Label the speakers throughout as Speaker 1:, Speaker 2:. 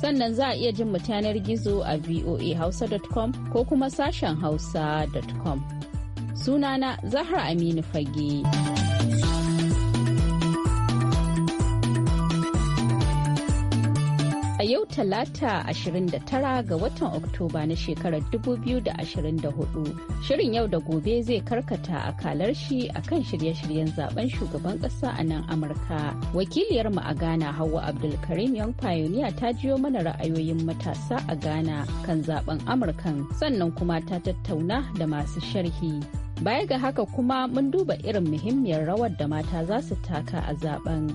Speaker 1: sannan za a iya jin mu gizo a voahausa.com ko kuma sashen hausa.com sunana zahra aminu fage. a yau talata 29 ga watan Oktoba na shekarar 2024. Shirin yau da gobe zai karkata a kalar shi akan shirye-shiryen zaben shugaban ƙasa a nan Amurka. Wakiliyar mu a Ghana Hauwa Abdulkarim yan Pioneer ta jiyo mana ra'ayoyin matasa a Ghana kan zaben Amurkan sannan kuma ta tattauna da masu sharhi. Baya ga haka kuma mun duba irin muhimmiyar rawar da mata za su taka a zaben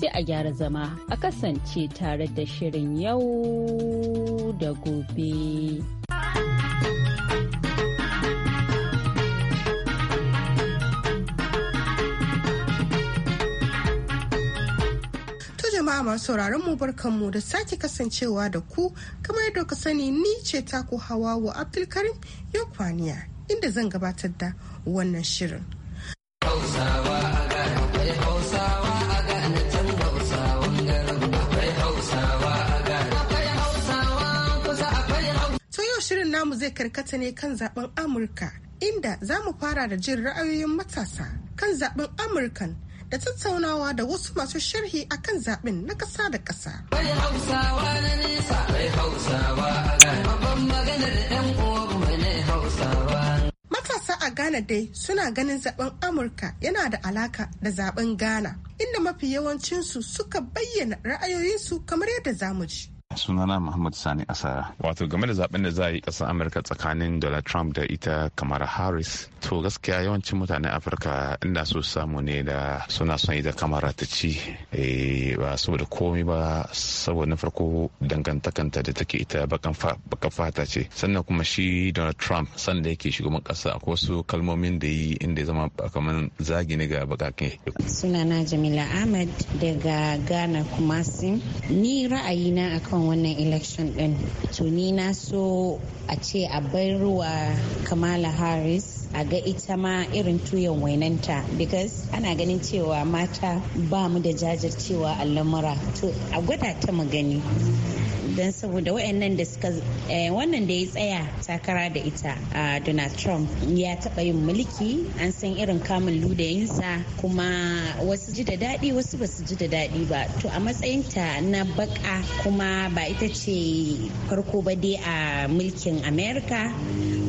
Speaker 1: sai a gyara zama a kasance tare da shirin yau da gobe.
Speaker 2: jama'a masu sauraron mu barkanmu da sake kasancewa da ku kamar yadda ka sani ni ce taku hawawa abdulkarim yau kwaniya inda zan gabatar da wannan shirin. namu zai karkata ne kan zaben Amurka inda za mu fara da jin ra'ayoyin matasa kan zaben Amurkan da tattaunawa da wasu masu sharhi a kan zaɓen na ƙasa da ƙasa. Matasa a Ghana dai suna ganin zaben Amurka yana da alaka da zaben Ghana, inda mafi yawancinsu suka bayyana ra'ayoyinsu kamar yadda zamu ji.
Speaker 3: sunana muhammad sani asara wato game da zaben da za a yi ƙasar amurka tsakanin donald trump da ita kamar harris to gaskiya yawancin mutanen afirka inda su samu ne da suna son ita kamara ta ci eh, ba saboda komai ba saboda na farko dangantakanta da take ita bakan fata ce sannan kuma shi donald trump sanda yake shugaban ƙasa akwai wasu kalmomin da yi inda ya zama kamar zagi ne ga bakakin
Speaker 1: sunana jamila ahmad daga ghana kumasi ni ra'ayina akan kan wannan election din to ni na so a ce a ruwa kamala harris a ga ita ma irin tuyan wainanta because ana ganin cewa mata ba mu da jajircewa a lamura to a gwada ta mu gani don saboda wa'annan da suka eh, wannan da ya tsaya takara da ita a donald trump ya taba yin mulki an san irin kamun ludayinsa kuma wasu ji da daɗi wasu ba su ji da daɗi ba to a matsayinta na baka kuma ba ita ce farko ba dai a mulkin america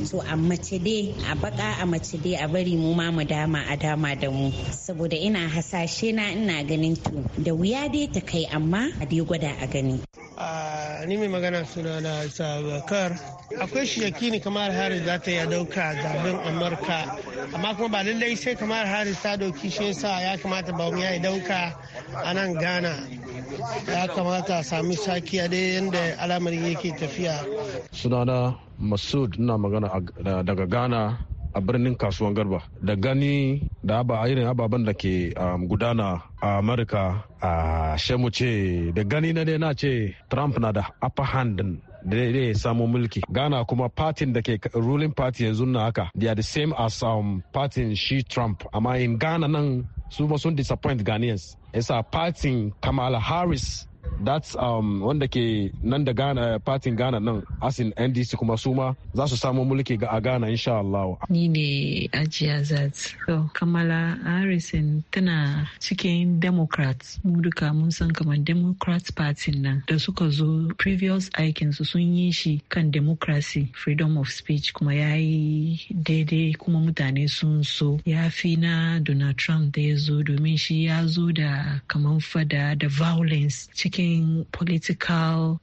Speaker 1: to a mace dai a baka a mace dai a bari mu ma mu dama a dama da mu saboda ina hasashe na ina ganin to da wuya dai ta kai amma a dai gwada a gani
Speaker 4: ni mai magana suna na sabakar akwai shi ne kamar harris za ta ya dauka zaben amurka amma kuma ba lallai sai kamar harris ta dauki shi yasa ya kamata ba ya dauka a nan ghana ya kamata a sami sakiya dai yadda alamar yake tafiya
Speaker 3: sunana masud na magana daga ghana a birnin kasuwan garba da gani da aba irin ababen da ke um, gudana a amurka a shemu ce da gani na dai na ce trump na da upper hand da ya samu mulki ghana kuma partin da ke ruling party yanzu na haka they are the same as um, partin shi trump amma in ghana nan su ma sun disappoint ghanaians yasa party kamala harris that's um, wanda ke nan da Ghana fatin Ghana nan asin NDC kuma suma ma za su samu mulki ga a Ghana insha Allah.
Speaker 5: Ni ne Ajiya Zat. So, Kamala Harrison tana cikin Democrats. Mu duka mun san kamar Democrat Party nan da suka zo previous aikin su sun yi shi kan democracy, freedom of speech kuma ya yi daidai kuma mutane sun so. Ya fi na Donald Trump da ya zo domin shi ya zo da kamar fada da violence cikin cikin political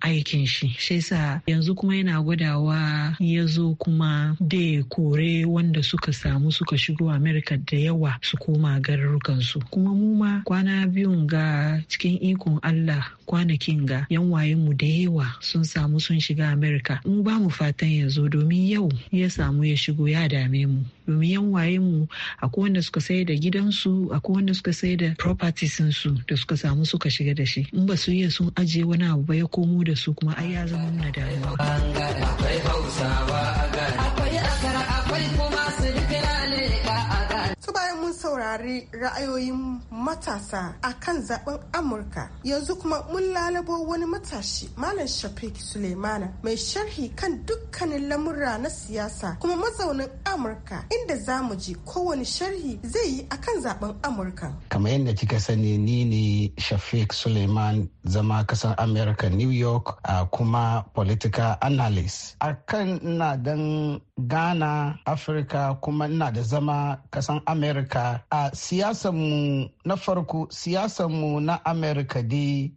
Speaker 5: aikin shi shi sa yanzu kuma yana gwadawa ya zo kuma da kore wanda suka samu suka shigo america da yawa su koma garurukansu kuma mu ma kwana biyun ga cikin ikon allah kwanakin ga yan mu da yawa sun samu sun shiga america mu ba mu fatan ya zo domin yau ya samu ya shigo ya dame mu domin waye mu akwai wanda suka sayar da gidansu akwai wanda suka sayar da properties su da suka samu suka shiga da shi in ba su iya sun ajiye wani abu ba ya komo da su kuma ai ya zama muna damuwa.
Speaker 2: saurari ra'ayoyin matasa a kan zaben Amurka. Yanzu kuma mun lalabo wani matashi Malam Shafiq Suleimana mai sharhi kan dukkanin lamurra na siyasa kuma mazaunin Amurka inda za mu ji kowane sharhi zai yi akan zaben Amurka.
Speaker 6: Kamar yadda kika sani ni ne Shafiq Suleiman zama kasar Amurka New York a kuma political analyst. Akan na dan ghana afirka kuma ina da zama kasan amerika a siyasanmu na farko mu na amerika dai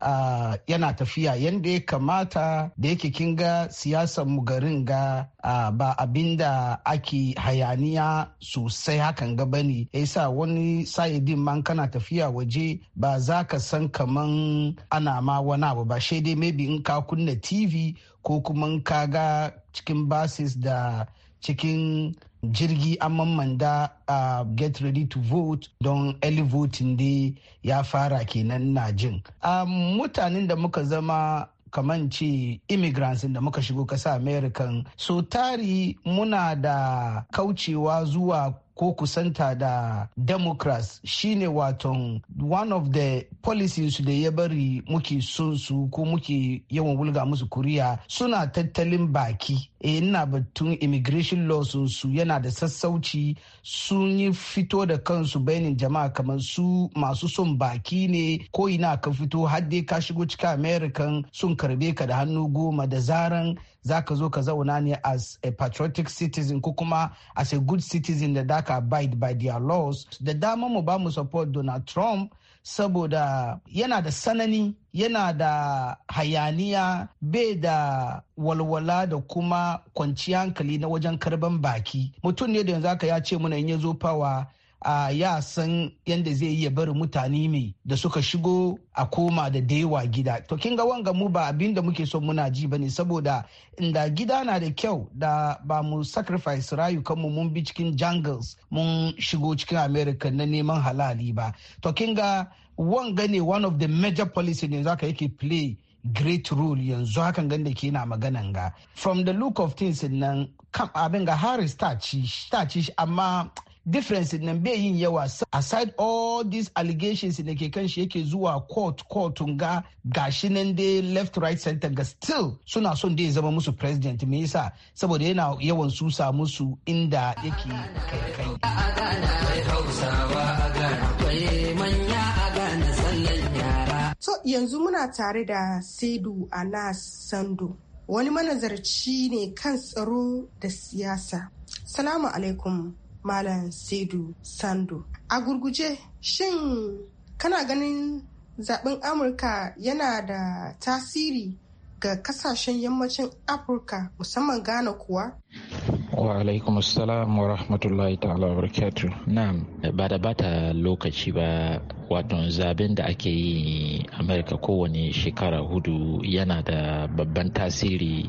Speaker 6: yana tafiya yadda ya kamata da yake kin ga mu garin ga ba abin da ake hayaniya sosai hakan ga bane sa wani sa'idin man kana tafiya waje ba za ka san kaman ana ma wani abu ba dai maybe in ka kunna tv ko kuma ka ga cikin basis da cikin jirgi an manda a get ready to vote don early voting dai ya fara kenan na jin mutanen da muka zama kaman ce immigrants da muka shigo kasa american so tari muna da kaucewa zuwa ko kusanta da democrats shine waton one of the policies da ya bari muke son su ko muke yawan wulga musu kuriya suna tattalin baki e ina batun immigration laws su yana da sassauci sun yi fito da kansu bainin jama'a kamar su masu son baki ne ko ina ka fito har dai ka shigo cikin american sun karbe ka da hannu goma da zaran za ka zo ka zauna ne as a patriotic citizen ko kuma as a good citizen da daka abide by their laws da dama mu ba mu support donald trump saboda yana da sanani yana da hayaniya bai da walwala da kuma kwanciyar hankali na wajen karban baki mutum ne da yanzu aka ya ce muna in ya zo fawa a ya san yadda zai iya bari mutane mai da suka shigo a koma da dewa gida to kin ga wanga mu ba abin da muke so muna ji bane saboda inda gida na da kyau da ba mu sacrifice rayukanmu mun bi cikin jungles mun shigo cikin america na neman halali ba to kin ga wanga ne one of the major policy ne zaka yake play great role yanzu hakan da ke na maganan ga from the look of things nan abin ga harris ta ci amma difference nan bai yin yawa aside all these allegations da ke kan shi yake zuwa court court ga gashi nan dai left right center ga still suna son dai zama musu president me yasa saboda yana yawan susa musu inda yake kai kai
Speaker 2: so yanzu muna tare da Sedu Anas Sando wani manazarci ne kan tsaro da siyasa. Salamu alaikum Malam Sedu Sando. A gurguje, shin kana ganin zaben Amurka yana da tasiri ga kasashen yammacin Afirka musamman Ghana kuwa?
Speaker 7: wa alaikum assalam wa rahmatullahi ta'ala wa barakatu na'am ba da bata lokaci ba wato zaben da ake yi amurka kowane shekara hudu yana da babban tasiri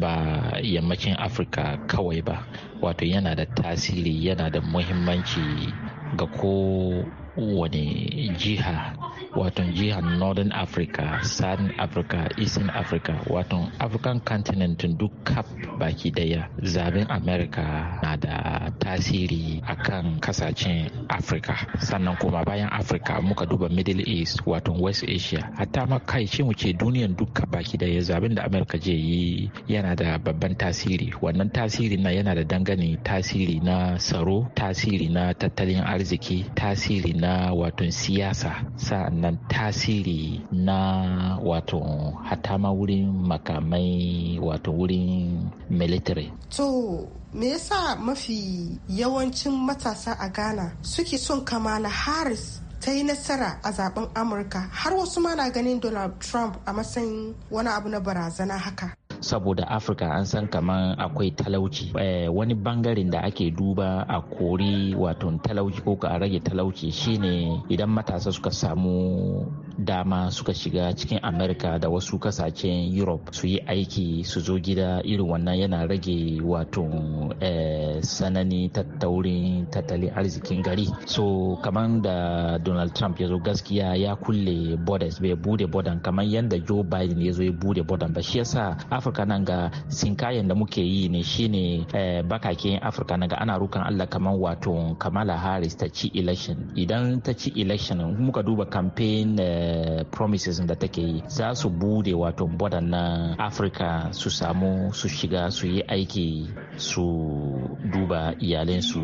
Speaker 7: ba yammacin afirka kawai ba wato yana da tasiri yana da muhimmanci ga kowane jiha watan jihar northern africa southern africa eastern africa watan african continent duk kap baki daya zaben america na da tasiri akan kasashen africa sannan kuma bayan africa muka duba middle east watan west asia hatta ma kai ce mu ce duniyan duka baki daya zaben da america je yi yana da babban tasiri wannan tasiri na yana da dangane tasiri na tsaro tasiri na tattalin arziki tasiri na watan siyasa sa Nan tasiri na wato hata ma wurin makamai wato wurin military.
Speaker 2: To me yasa mafi yawancin matasa a Ghana suke son Kamala Harris ta yi nasara a zaben amurka har wasu ma na ganin donald trump a matsayin wani abu na barazana haka
Speaker 7: saboda afirka an san kamar akwai talauci eh, wani bangaren da ake duba a kori wato talauci ko ka rage talauci shine idan matasa suka samu dama suka shiga cikin Amerika da wasu kasashen europe su yi aiki su zo gida irin wannan yana rage wato eh, sanani tattaurin tattalin arzikin gari so kamar da donald trump ya zo gaskiya ya kulle borders bai bude bodan kamar yadda joe biden ya zo ya bude bodan ba shi yasa afirka nan ga sinkayen da muke yi ne shine eh, bakakin afirka nan ga ana rukan allah kamar wato kamala harris ta ci election idan ta ci election muka duba campaign eh, promises da take yi za su bude wato bodan na afirka su samu su shiga su yi aiki su duba iyalinsu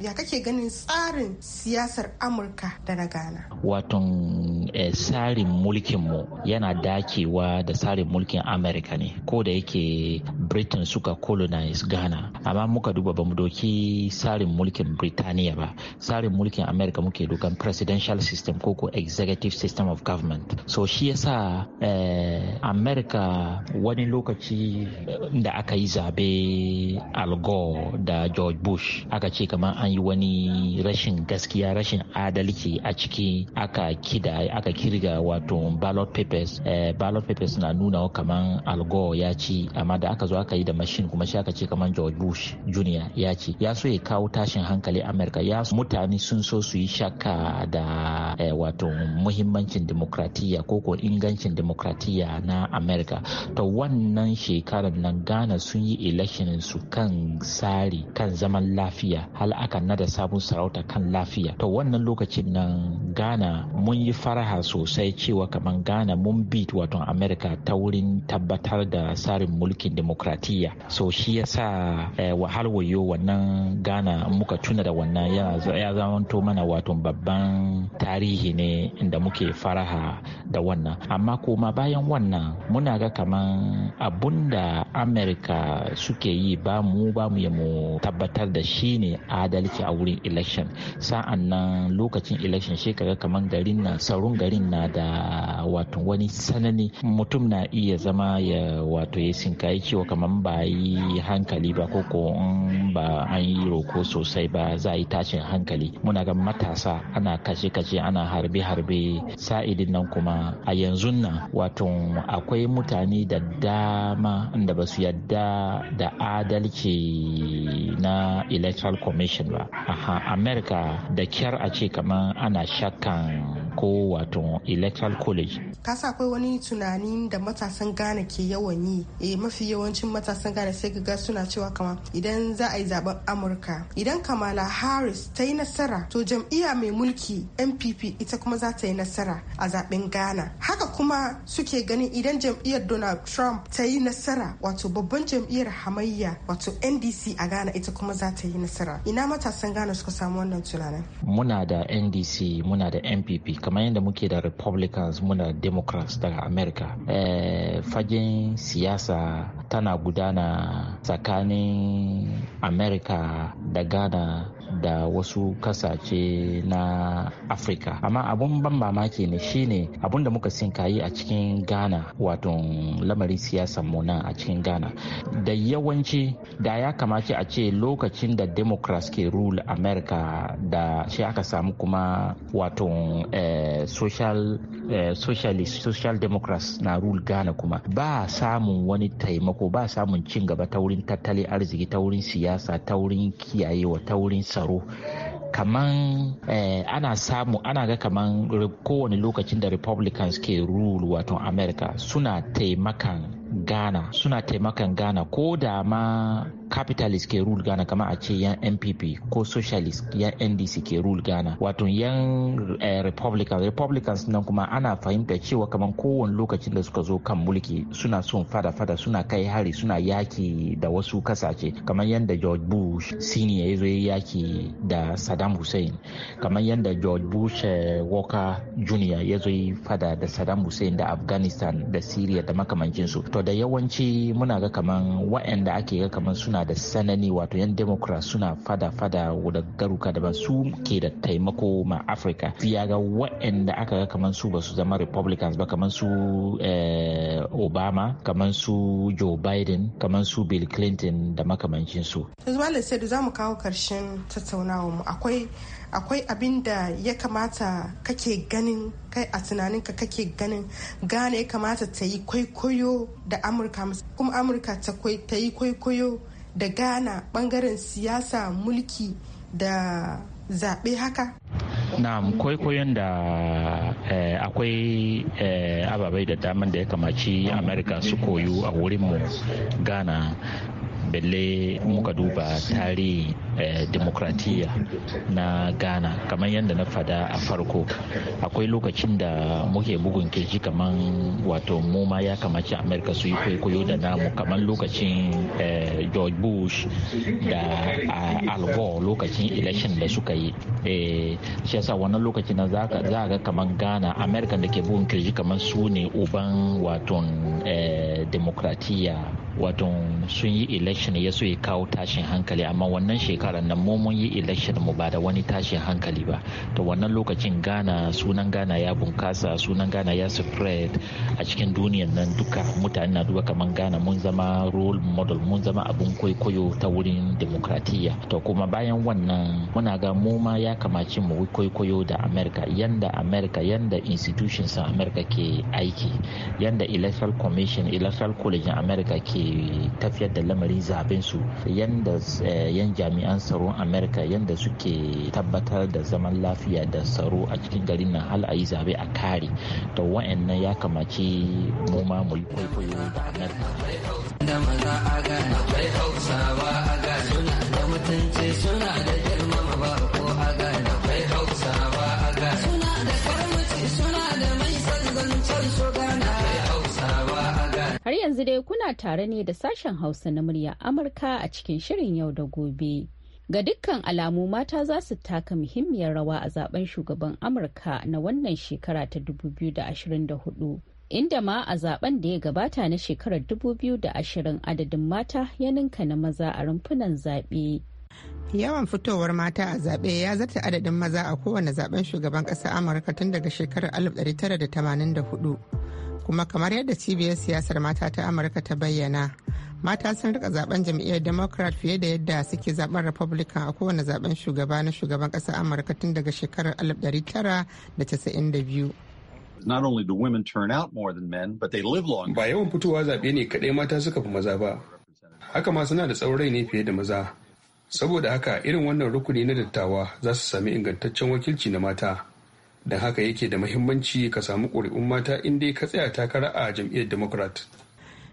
Speaker 2: ya kake ganin tsarin siyasar amurka da na ghana
Speaker 7: waton eh, tsarin mulkinmu yana dakewa da tsarin mulkin amurka ne ko da yake britain suka colonize ghana amma muka duba ba mu doki tsarin mulkin Britaniya ba tsarin mulkin amurka muke dokan presidential system ko ko executive system of government so shi yasa eh, america wani lokaci eh, da aka yi zabe al da george bush aka ce kamar an yi wani rashin gaskiya rashin adalci a ciki aka kida aka kirga wato ballot papers eh, ballot papers na nuna kamar al gore ya ci amma da aka zo aka yi da mashin kuma shi aka ce kamar george bush junior ya ci ya so ya kawo tashin hankali america ya mutane sun so su yi shakka da eh, wato muhimmancin demokratiya ko ko ingancin demokratiya na america to wannan shekarar nan ghana sun yi election su kan tsari kan zaman lafiya hal aka nada sabon sarauta kan lafiya to wannan lokacin nan ghana mun yi faraha sosai cewa kamar ghana mun beat wato america ta wurin tabbatar da tsarin mulkin demokratiya so shi yasa eh, wahal wayo wannan ghana muka tuna da wannan ya zamanto mana wato babban tarihi ne inda muke fara faraha da wannan amma kuma bayan wannan muna ga kaman abun da amerika suke yi ba mu ba mu mu tabbatar da shi ne adalci a wurin election sa'an nan lokacin election shi kaga kaman garin na saurin garin na da wato wani sanani mutum na iya zama ya wato ya sinkayi cewa kaman ba yi hankali ba ko ko ba an yi roko sosai ba za a yi tashin hankali muna ga matasa ana kashe-kashe ana harbe-harbe sa'i idin nan kuma a yanzu nan wato akwai mutane da dama da ba su yadda da adalci na electoral commission ba a amerika da kyar a ce kamar ana shakkan ko wato electoral college
Speaker 2: kasa akwai wani tunani da matasan ghana ke yawan yi e mafi yawancin matasan ghana sai ga suna cewa kama idan za a yi zaben amurka idan kamala harris ta yi nasara to jam'iyya mai mulki npp ita kuma za ta yi nasara a zaben ghana haka kuma suke ganin idan jam'iyyar donald trump ta yi nasara wato babban jam'iyyar hamayya wato ndc a ghana ita kuma za ta yi nasara ina matasan gana suka samu wannan tunanin
Speaker 7: muna da ndc muna da npp kamar yadda muke da republicans muna da democrats daga america eh, fagen siyasa tana gudana tsakanin america da ghana da wasu kasashe na afirka amma abun ban mamaki ne shine abun da muka sin kayi a cikin ghana wato lamarin siyasan mu nan a cikin ghana da yawanci da ya kamace a ce lokacin da democrats ke rule america da shi aka samu kuma wato eh, social eh, socialist social democrats na rule ghana kuma ba samun wani taimako ba samun cin gaba ta wurin tattalin arziki ta wurin siyasa ta wurin kiyayewa ta wurin sa tsaro kaman eh, ana samu ana ga kaman kowane lokacin da republicans ke rule wato america suna taimakan ghana suna taimakan ghana ko da ma capitalist ke rule ghana kama a ce yan npp ko socialist yan ndc ke rule ghana wato yan eh, republicans republicans nan kuma ana fahimta cewa kamar kowane lokacin da suka zo kan mulki suna son fada-fada suna kai hari suna yaki da wasu kasashe kamar yadda george bush senior ya zo yaki da saddam hussein kamar yadda george bush eh, walker junior ya zo fada da saddam hussein da afghanistan da syria da makamancinsu to saboda yawanci muna ga kaman wa'anda ake ga kaman suna da sanani wato yan democrat suna fada-fada da garuka da ba su ke da taimako ma afirka fiya ga wa'anda aka ga kaman su ba su zama republicans ba kaman su eh, obama kaman su joe biden kaman su bill clinton da makamancinsu.
Speaker 2: su malam sai za mu kawo karshen tattaunawa mu akwai akwai abin da ya kamata kake ganin kai a tunaninka kake ganin gane ya kamata ta yi kwaikwayo da amurka kuma amurka ta yi kwaikwayo da ghana bangaren siyasa mulki da zaɓe haka
Speaker 7: na'am kwaikwayon da eh, akwai eh, ababai da daman da ya kamaci amerika su koyu a wurinmu ghana balle muka duba tarihi eh, demokratiya na ghana kamar yadda na fada a farko akwai lokacin da muke bugun kirji kamar wato mu ma ya kamaci amerika su yi kwaikwayo da namu kamar lokacin eh, george bush da ah, al lokacin election da suka yi eh, shi yasa wannan lokacin na za ga kamar ghana amerika da ke bugun kirji kamar su ne uban waton demokratiya wato sun yi election ya so ya kawo tashin hankali amma wannan shekarar nan mu mun yi election mu ba da wani tashin hankali ba to wannan lokacin gana sunan gana ya bunkasa sunan gana ya spread a cikin duniyan nan duka mutane na duba kamar gana mun zama role model mun zama abun kwaikwayo ta wurin demokratiya to kuma bayan wannan muna ga mu ma ya kamaci mu kwaikwayo da America yanda America yanda institutions America ke aiki yanda electoral commission electoral college America ke tafiyar da lamarin zaben su yanda eh, yan jami'an tsaron america yanda suke tabbatar da zaman lafiya da tsaro a cikin garin nan hal a yi zabe a kare to wa'annan ya kamaci mu ma mu kwaikwayo da america da maza
Speaker 4: a gane akwai hausawa a gane suna da mutunci suna da
Speaker 1: dai kuna tare ne da sashen Hausa na murya Amurka a cikin shirin yau da gobe. Ga dukkan alamu mata za su taka muhimmiyar rawa a zaben shugaban Amurka na wannan shekara ta 2024. Inda ma a zaben da ya gabata na shekarar 2020 adadin mata ya ninka na maza a rumfunan zaɓe. yawan fitowar mata a
Speaker 8: zaɓe ya zata adadin maza a kowane zaben shugaban ƙasa amurka tun daga shekarar 1984 kuma kamar yadda cibiyar siyasar mata ta amurka ta bayyana mata sun rika zaben jam'iyyar democrat fiye da yadda suke zaben republican a kowane zaben shugaba na shugaban ƙasar amurka tun daga shekarar 1992
Speaker 3: Not only do women turn out more than men, but they live longer. Ba yawan fitowa zaɓe ne kaɗai mata suka fi maza ba. Haka ma suna da tsaurai ne fiye da maza. Saboda haka irin wannan rukuni na dattawa za su sami ingantaccen wakilci na mata. don haka yake da mahimmanci ka samu ƙuri'un mata in dai ka tsaya takara a jam'iyyar democrat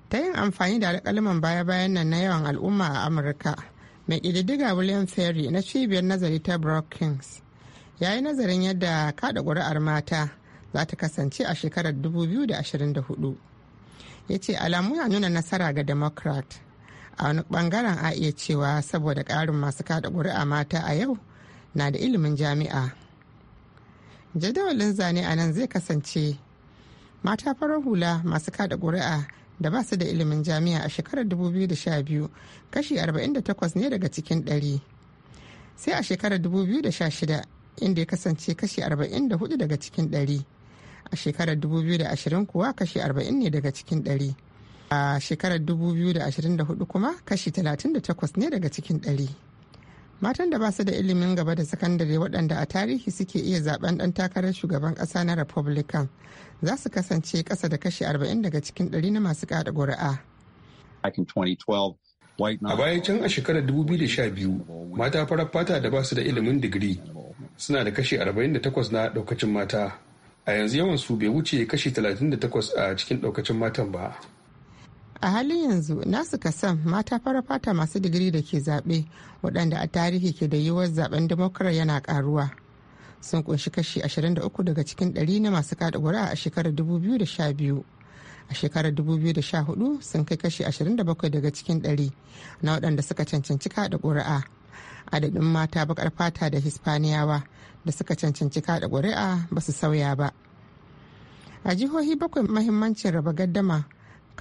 Speaker 8: ta yin amfani da alƙaliman baya-bayan nan na yawan al'umma a amurka mai ƙididdiga william ferry na cibiyar nazari ta brookings ya yi nazarin yadda kaɗa ƙuri'ar mata za ta kasance a shekarar 2024 ya ce alamu ya nuna nasara ga democrat a wani bangaren a iya cewa saboda ƙarin masu kada ƙuri'a mata a yau na da ilimin jami'a jadawalin zane a nan zai kasance mata farar hula masu kada ƙuri'a da ba su da ilimin jami'a a shekarar 2012 kashi 48 ne daga cikin 100 sai a shekarar 2016 inda ya kasance kashi 44 daga cikin 100 a shekarar 2020 kuwa kashi 40 ne daga cikin 100 a shekarar 2024 kuma kashi 38 ne daga cikin 100 matan da ba su da ilimin gaba da sakandare waɗanda a tarihi suke iya zaben ɗan takarar shugaban ƙasa na republican za su kasance ƙasa da kashi 40 daga cikin 100 na masu kada ƙuri'a.
Speaker 3: a baya can a shekarar 2012 mata farar fata da ba su da ilimin digiri suna da kashi 48 na ɗaukacin mata a yanzu yawan su bai wuce kashi 38 a cikin ɗaukacin matan ba
Speaker 8: a halin yanzu nasu kasan mata fara fata masu digiri da ke zaɓe waɗanda a tarihi ke da yiwuwar zaben demokrat yana ƙaruwa sun kunshi kashi 23 daga cikin 100 na masu kada ƙuri'a a shekarar 2012 a shekarar 2014 sun kai kashi 27 daga cikin 100 na waɗanda suka cancanci kada ƙuri'a adadin mata baƙar fata da hispaniyawa da suka cancanci kada ƙuri'a ba su sauya ba a jihohi bakwai mahimmancin raba gaddama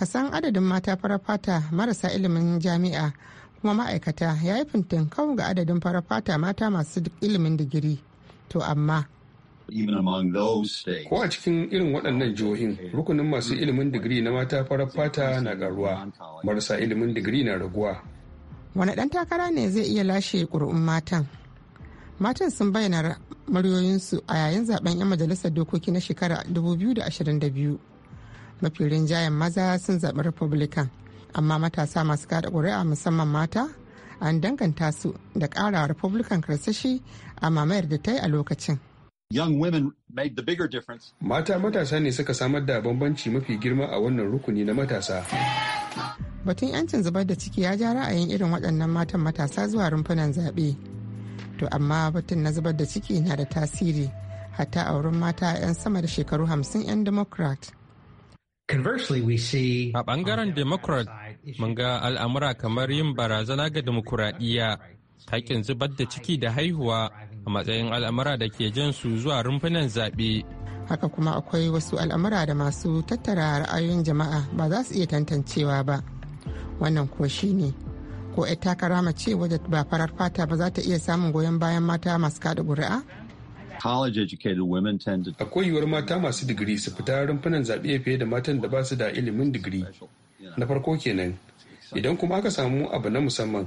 Speaker 8: kasan adadin mata farar fata marasa ilimin jami'a kuma ma'aikata ya yi kawo ga adadin farar fata mata masu ilimin digiri to amma
Speaker 3: Ko a cikin irin waɗannan jihohin rukunin masu ilimin digiri na mata farar fata na garuwa marasa ilimin digiri na raguwa.
Speaker 8: Wani ɗan takara ne zai iya lashe ƙuri'un matan? Matan sun bayyana muryoyinsu a yayin zaben 'yan majalisar dokoki na shekara 2022. mafi rinjayen maza sun zaɓi republican amma matasa masu kada ƙuri'a musamman mata an danganta su da ƙarawa republican karsashi a mamayar da ta yi a lokacin
Speaker 3: Mata matasa ne suka samar da bambanci mafi girma a wannan rukuni na matasa.
Speaker 8: Batun 'yancin zubar da ciki ya ja ra'ayin irin waɗannan matan matasa zuwa rumfunan zaɓe. To amma batun na zubar da ciki na da tasiri hatta a wurin mata 'yan sama da shekaru 50 'yan Democrat. A bangaren Democrat, mun ga al'amura kamar yin barazana ga demokuraɗiyya, haƙƙin zubar da ciki da haihuwa a matsayin al'amura da ke jan su zuwa rumfunan zaɓe. Haka kuma akwai wasu al'amura da masu tattara ra'ayoyin jama'a ba za su iya tantancewa ba. Wannan ko shi ne, ko 'yar takara mace wadda ba farar fata ba za ta iya samun goyon bayan mata masu kaɗa ƙuri'a?
Speaker 3: Akwai yiwuwar mata masu digiri su fita rumfunan zaɓe fiye da matan da ba su da ilimin digiri. Na farko kenan, idan kuma aka samu abu na musamman,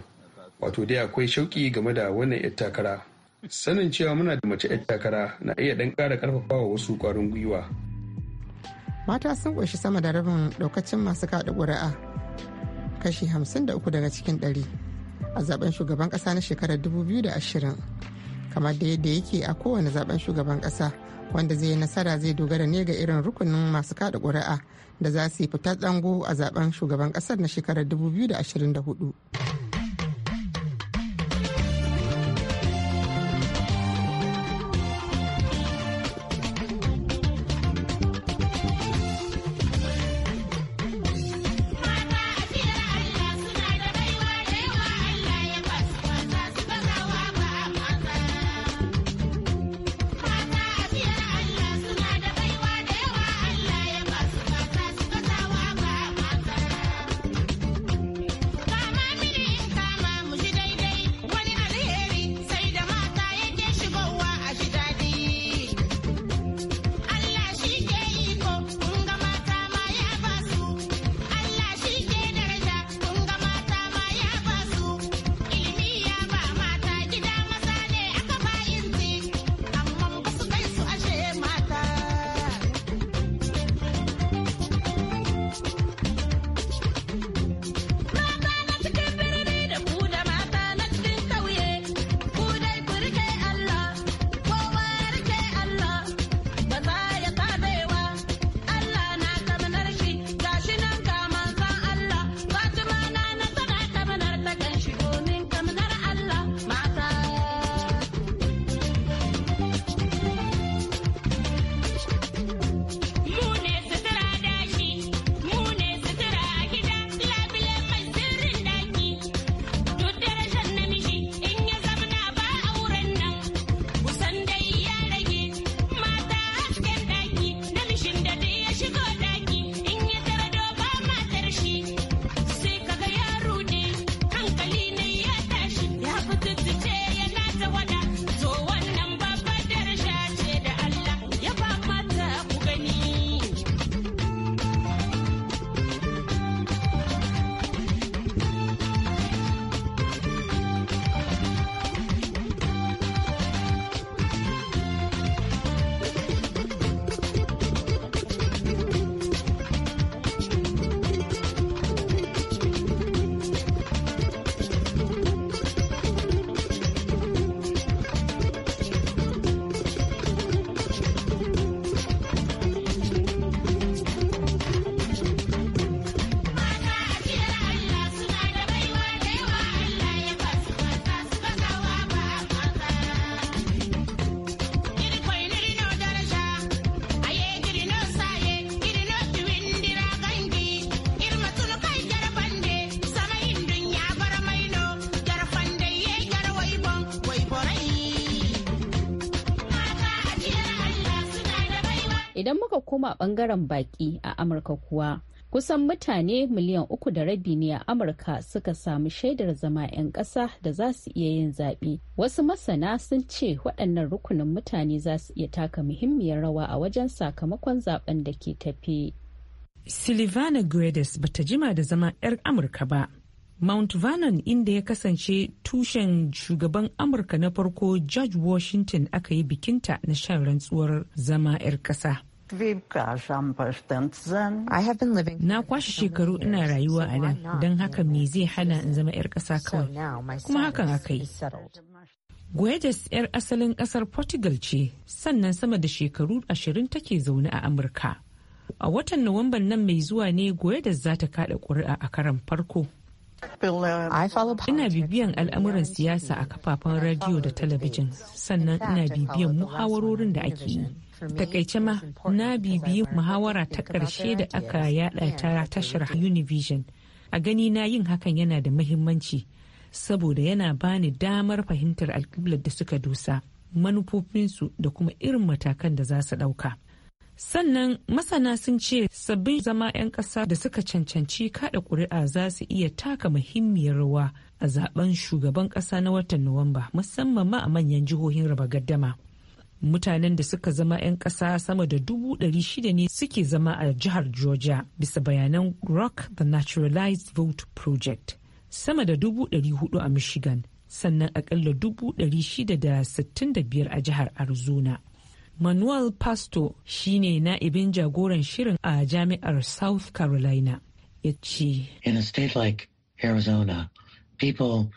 Speaker 3: wato dai akwai shauƙi game da wannan 'yar takara. Sanin cewa muna da mace 'yar takara na iya ɗan ƙara wa wasu ƙwarin gwiwa.
Speaker 8: Mata sun ƙunshi sama da rabin ɗaukacin masu kaɗa ƙuri'a, kashi hamsin da uku daga cikin ɗari a zaben shugaban ƙasa na shekarar 2020. kamar da yadda yake a kowane zaben shugaban kasa wanda zai nasara zai dogara ne ga irin rukunin masu kada ƙuri'a da za su yi fitar dango a zaben shugaban ƙasar na shekarar 2024
Speaker 1: kuma koma bangaren baki a amurka kuwa kusan mutane miliyan uku da rabi ne a amurka suka samu shaidar zama 'yan ƙasa da za su iya yin zaɓe wasu masana sun ce waɗannan rukunin mutane za su iya taka muhimmiyar rawa a wajen sakamakon zaben da ke
Speaker 9: tafe silvana guedes ta jima da zama 'yar amurka ba Mount Vernon inda ya kasance tushen shugaban Amurka na farko George Washington aka yi bikinta na shan rantsuwar zama 'yar ƙasa. Na kwashe shekaru ina rayuwa a nan, don haka me zai hana in zama 'yar ƙasa kawai. Kuma hakan aka yi. Guedes 'yar asalin ƙasar Portugal ce, sannan sama da shekaru ashirin take zaune a Amurka. A watan Nuwamban nan mai zuwa ne Guedes za ta kaɗa ƙuri'a a karan farko. Ina bibiyan al'amuran siyasa a kafafen radiyo da talabijin, sannan ina bibiyan muhawarorin da ake yi. Takaice ma na bibiyi muhawara ta ƙarshe da aka yada ta tashar Univision. A gani na yin hakan yana da mahimmanci saboda yana bani damar fahimtar alƙiblar da suka dusa manufofinsu da kuma irin matakan da za su ɗauka. Sannan masana sun ce sabbin zama 'yan ƙasa da suka cancanci kada ƙuri'a za su iya taka muhimmiyar rawa a zaben shugaban ƙasa na watan Nuwamba musamman ma a manyan jihohin raba gaddama. mutanen da suka zama 'yan ƙasa sama da dubu ɗari shida ne suke zama a jihar georgia bisa bayanan rock the naturalized vote project sama da dubu ɗari hudu a michigan sannan aƙalla dubu ɗari shida da sittin da biyar a jihar arizona manuel pasto shine na'ibin jagoran shirin a jami'ar south carolina ya ce
Speaker 5: in a state like arizona people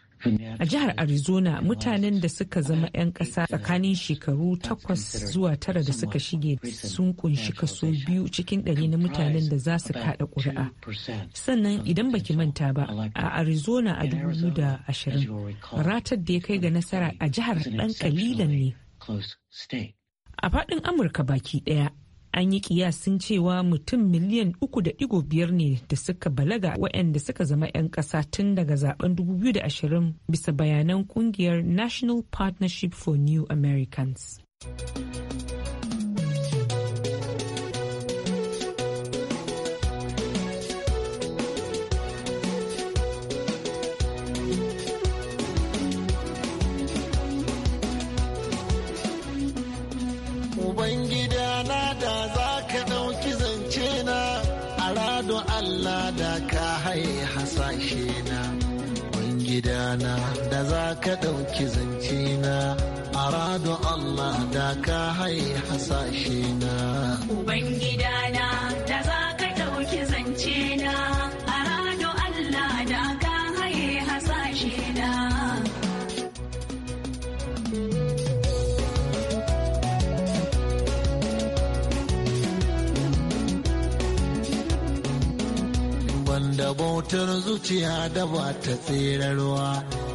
Speaker 5: A
Speaker 9: jihar Arizona mutanen da suka zama 'yan ƙasa tsakanin shekaru takwas zuwa tara da suka shige sun kunshi kaso biyu cikin ɗari na mutanen da za su kaɗa ƙuri'a. Sannan idan baki manta ba a Arizona a ashirin ratar da ya kai ga nasara a jihar ɗan kalilan ne. A faɗin Amurka baki ɗaya an yi kiyasin cewa mutum miliyan 3.5 ne da suka balaga waɗanda suka zama 'yan ƙasa tun daga zaben 2020 bisa bayanan kungiyar national partnership for new americans
Speaker 4: ka ɗauki zance na arado Allah da ka hai hasashe na
Speaker 1: ubangida na da za ka ɗauki zance na arado Allah da ka
Speaker 5: hai hasashe na
Speaker 4: wanda bautar zuciya da ba ta tserarwa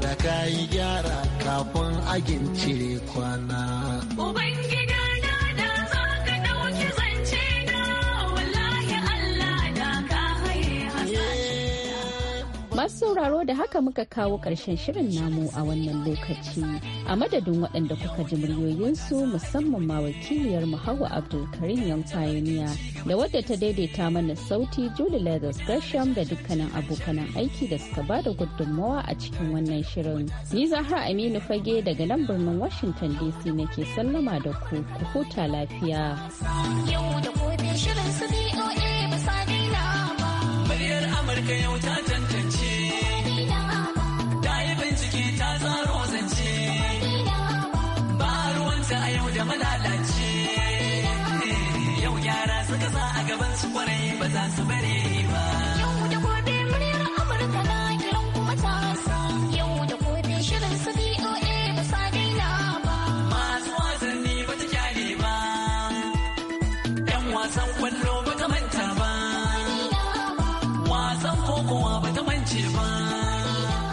Speaker 4: da ka yi gyara kafin agin cire kwana.
Speaker 1: Masu sauraro da haka muka kawo ƙarshen shirin namu a wannan lokaci. A madadin waɗanda kuka ji muryoyinsu musamman ma wakiliyar Hauwa karim yan Pioneer da wadda ta daidaita mana sauti Julie Leathers Gresham da dukkanin abokanan aiki da suka ba da gudunmawa a cikin wannan shirin. Ni Zahra Aminu Fage daga nan birnin Washington DC nake sallama da ku ku huta lafiya.
Speaker 4: Amurka yau ta ba so many